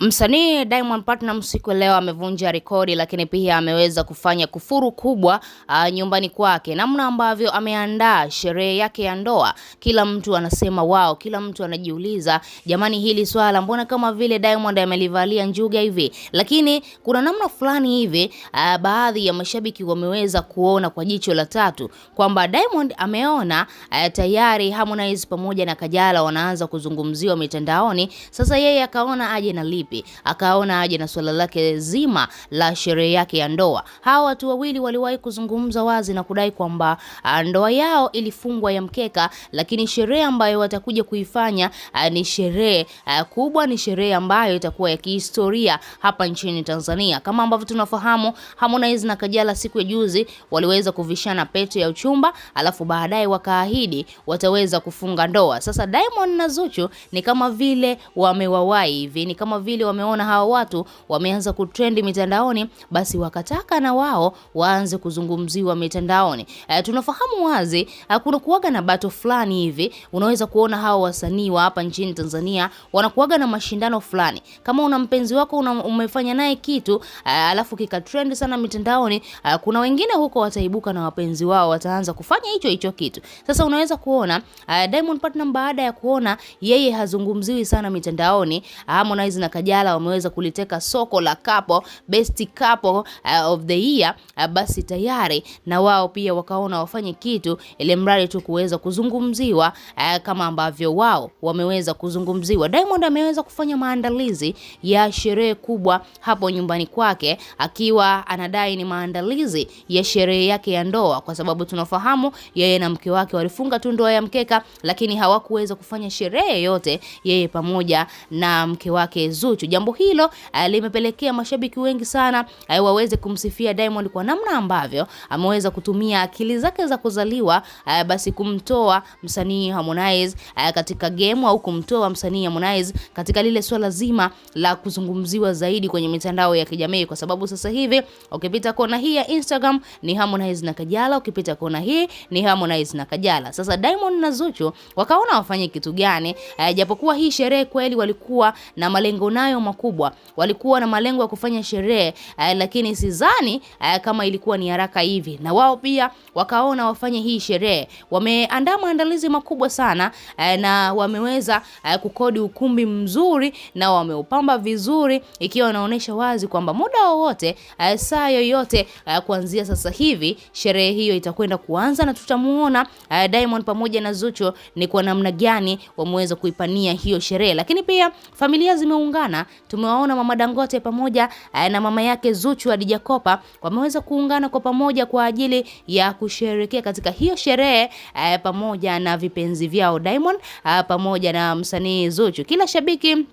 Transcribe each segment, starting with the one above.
Msanii Diamond Platnumz siku leo amevunja rekodi, lakini pia ameweza kufanya kufuru kubwa a, ah, nyumbani kwake, namna ambavyo ameandaa sherehe yake ya ndoa. Kila mtu anasema wao, kila mtu anajiuliza jamani, hili swala mbona kama vile Diamond amelivalia njuga hivi? Lakini kuna namna fulani hivi a, ah, baadhi ya mashabiki wameweza kuona kwa jicho la tatu kwamba Diamond ameona a, ah, tayari Harmonize pamoja na Kajala wanaanza kuzungumziwa mitandaoni. Sasa yeye akaona aje na vipi, akaona aje na suala lake zima la sherehe yake ya ndoa. Hawa watu wawili waliwahi kuzungumza wazi na kudai kwamba ah, ndoa yao ilifungwa ya mkeka, lakini sherehe ambayo watakuja kuifanya ah, ni sherehe ah, kubwa, ni sherehe ambayo itakuwa ya kihistoria hapa nchini Tanzania. Kama ambavyo tunafahamu, Harmonize na Kajala siku ya juzi waliweza kuvishana pete ya uchumba, alafu baadaye wakaahidi wataweza kufunga ndoa. Sasa Diamond na Zuchu ni kama vile wamewawai hivi, ni kama vile vile wameona hawa watu wameanza kutrendi mitandaoni, basi wakataka na wao waanze kuzungumziwa mitandaoni. E, tunafahamu wazi eh, kuna kuwaga na bato fulani hivi, unaweza kuona hawa wasanii wa hapa nchini Tanzania wanakuwaga na mashindano fulani. Kama una mpenzi wako una, umefanya naye kitu eh, alafu kika trend sana mitandaoni, kuna wengine huko wataibuka na wapenzi wao wataanza kufanya hicho hicho kitu. Sasa unaweza kuona Diamond Platnumz baada ya kuona yeye hazungumziwi sana mitandaoni, Harmonize na Jala wameweza kuliteka soko la kapo best couple uh, of the year uh, basi tayari na wao pia wakaona wafanye kitu ili mradi tu kuweza kuzungumziwa uh, kama ambavyo wao wameweza kuzungumziwa. Diamond ameweza kufanya maandalizi ya sherehe kubwa hapo nyumbani kwake, akiwa anadai ni maandalizi ya sherehe yake ya ndoa, kwa sababu tunafahamu yeye na mke wake walifunga tu ndoa ya mkeka, lakini hawakuweza kufanya sherehe yote, yeye pamoja na mke wake Zuchu. Zuchu. Jambo hilo eh, limepelekea mashabiki wengi sana eh, waweze kumsifia Diamond kwa namna ambavyo ameweza kutumia akili zake za kuzaliwa eh, basi kumtoa msanii Harmonize katika game au kumtoa msanii Harmonize katika lile swala zima la kuzungumziwa zaidi kwenye mitandao ya kijamii, kwa sababu sasa hivi ukipita kona hii ya Instagram ni Harmonize na Kajala, ukipita kona hii ni Harmonize na Kajala. Sasa Diamond na Zuchu wakaona wafanye kitu gani? Japokuwa hii sherehe kweli walikuwa na malengo na nayo makubwa. Walikuwa na malengo ya kufanya sherehe eh, lakini sizani eh, kama ilikuwa ni haraka hivi, na wao pia wakaona wafanye hii sherehe. Wameandaa maandalizi makubwa sana eh, na wameweza eh, kukodi ukumbi mzuri na wameupamba vizuri, ikiwa wanaonyesha wazi kwamba muda wowote eh, saa yoyote eh, kuanzia sasa hivi sherehe hiyo itakwenda kuanza na tutamuona eh, Diamond pamoja na Zuchu ni kwa namna gani wameweza kuipania hiyo sherehe, lakini pia familia zimeungana sana. Tumewaona mama Dangote pamoja eh, na mama yake Zuchu adijakopa Kopa wameweza kuungana kwa pamoja kwa ajili ya kusherekea katika hiyo sherehe eh, pamoja na vipenzi vyao Diamond eh, pamoja na msanii Zuchu. Kila shabiki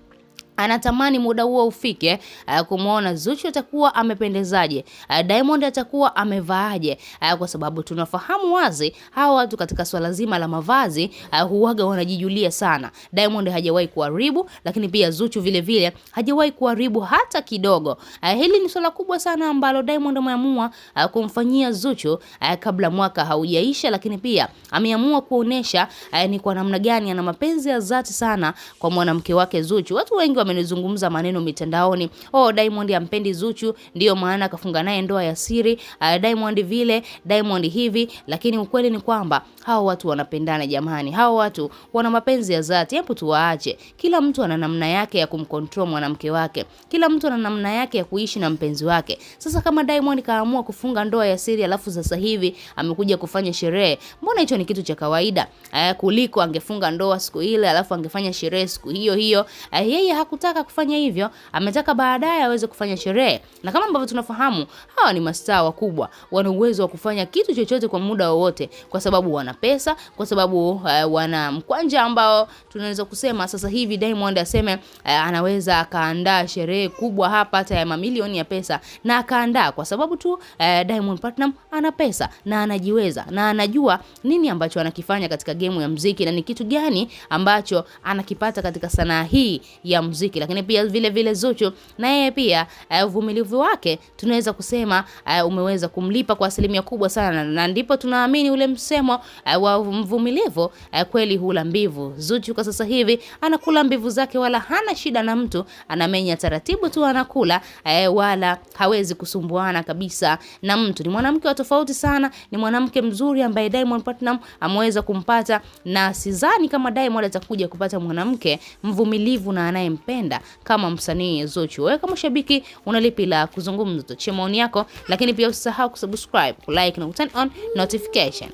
anatamani muda huo ufike uh, kumwona Zuchu atakuwa amependezaje, uh, Diamond atakuwa amevaaje, uh, kwa sababu tunafahamu wazi hawa watu katika swala zima la mavazi uh, huwaga wanajijulia sana. Diamond hajawahi kuharibu, lakini pia Zuchu vile vile hajawahi kuharibu hata kidogo. Uh, Hili ni swala kubwa sana ambalo Diamond ameamua uh, kumfanyia Zuchu uh, kabla mwaka haujaisha, lakini pia ameamua kuonesha uh, ni kwa namna gani ana mapenzi ya dhati sana kwa mwanamke wake Zuchu. Watu wengi wame amenizungumza maneno mitandaoni, oh, Diamond ampendi Zuchu, ndiyo maana akafunga naye ndoa ya siri, uh, Diamond vile, Diamond hivi, lakini ukweli ni kwamba hao watu wanapendana jamani, hao watu wana mapenzi ya dhati. Hebu tuwaache, kila mtu ana namna yake ya kumcontrol mwanamke wake, kila mtu ana namna yake ya kuishi na mpenzi wake. Sasa kama Diamond kaamua kufunga ndoa ya siri alafu sasa hivi amekuja kufanya sherehe, mbona hicho ni kitu cha kawaida? Uh, kuliko angefunga ndoa siku ile alafu angefanya sherehe siku hiyo hiyo. Uh, yeye haku hakutaka kufanya hivyo, ametaka baadaye aweze kufanya sherehe. Na kama ambavyo tunafahamu, hawa ni mastaa wakubwa, wana uwezo wa kufanya kitu chochote kwa muda wowote, kwa sababu wana pesa, kwa sababu uh, wana mkwanja ambao tunaweza kusema sasa hivi Diamond aseme, uh, anaweza akaandaa sherehe kubwa hapa hata ya mamilioni ya pesa, na akaandaa kwa sababu tu uh, Diamond Platinum ana pesa na anajiweza na anajua nini ambacho anakifanya katika gemu ya mziki na ni kitu gani ambacho anakipata katika sanaa hii ya mziki muziki, lakini pia vile vile Zuchu na yeye pia eh, uvumilivu wake tunaweza kusema eh, umeweza kumlipa kwa asilimia kubwa sana, na ndipo tunaamini ule msemo eh, wa mvumilivu kweli hula mbivu. Zuchu kwa sasa hivi anakula mbivu zake, wala hana shida na mtu, anamenya taratibu tu anakula wala hawezi kusumbuana kabisa na mtu. Ni mwanamke wa tofauti sana, ni mwanamke mzuri ambaye Diamond Platnumz ameweza kumpata, na sidhani kama Diamond atakuja kupata mwanamke mvumilivu na anayempenda unapenda kama msanii Zuchu. Wewe kama shabiki una lipi la kuzungumza? Tuachie maoni yako, lakini pia usisahau kusubscribe, kulike na kuturn on notification.